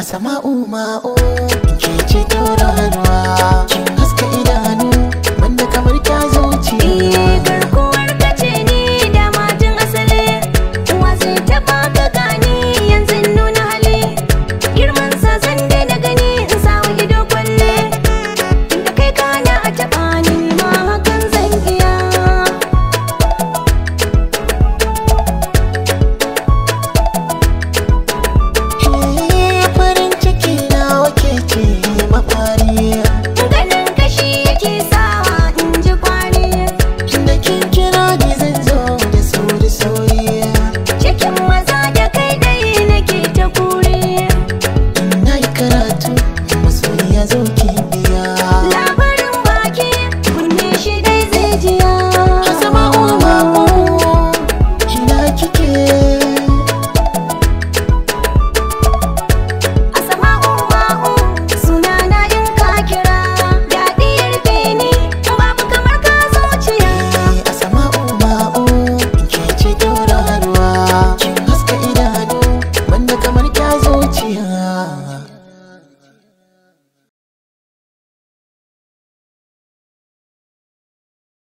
Asama Uma, oh.